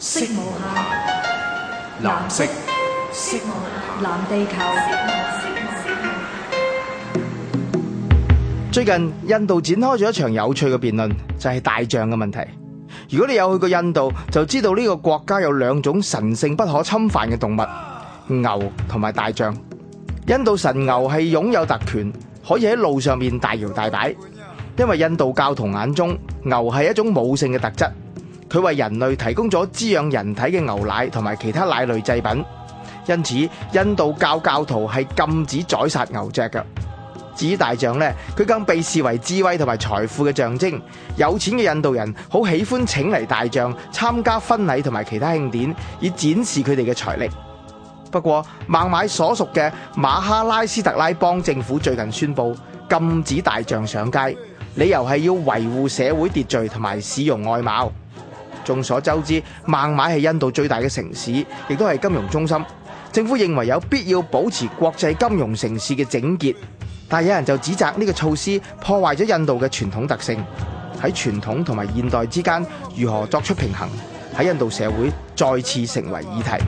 色無暇，藍色。色無暇，藍地球。地球最近印度展開咗一場有趣嘅辯論，就係、是、大象嘅問題。如果你有去過印度，就知道呢個國家有兩種神聖不可侵犯嘅動物，牛同埋大象。印度神牛係擁有特權，可以喺路上面大搖大擺，因為印度教徒眼中牛係一種母性嘅特質。佢為人類提供咗滋養人體嘅牛奶同埋其他奶類製品，因此印度教教徒係禁止宰殺牛隻嘅。至於大象呢，佢更被視為智慧同埋財富嘅象徵。有錢嘅印度人好喜歡請嚟大象參加婚禮同埋其他慶典，以展示佢哋嘅財力。不過，孟買所屬嘅馬哈拉斯特拉邦政府最近宣布禁止大象上街，理由係要維護社會秩序同埋市容外貌。眾所周知，孟買係印度最大嘅城市，亦都係金融中心。政府認為有必要保持國際金融城市嘅整潔，但有人就指責呢個措施破壞咗印度嘅傳統特性。喺傳統同埋現代之間，如何作出平衡，喺印度社會再次成為議題。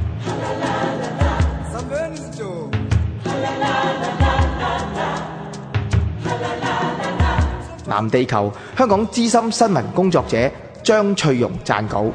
藍地球，香港資深新聞工作者。張翠容撰稿。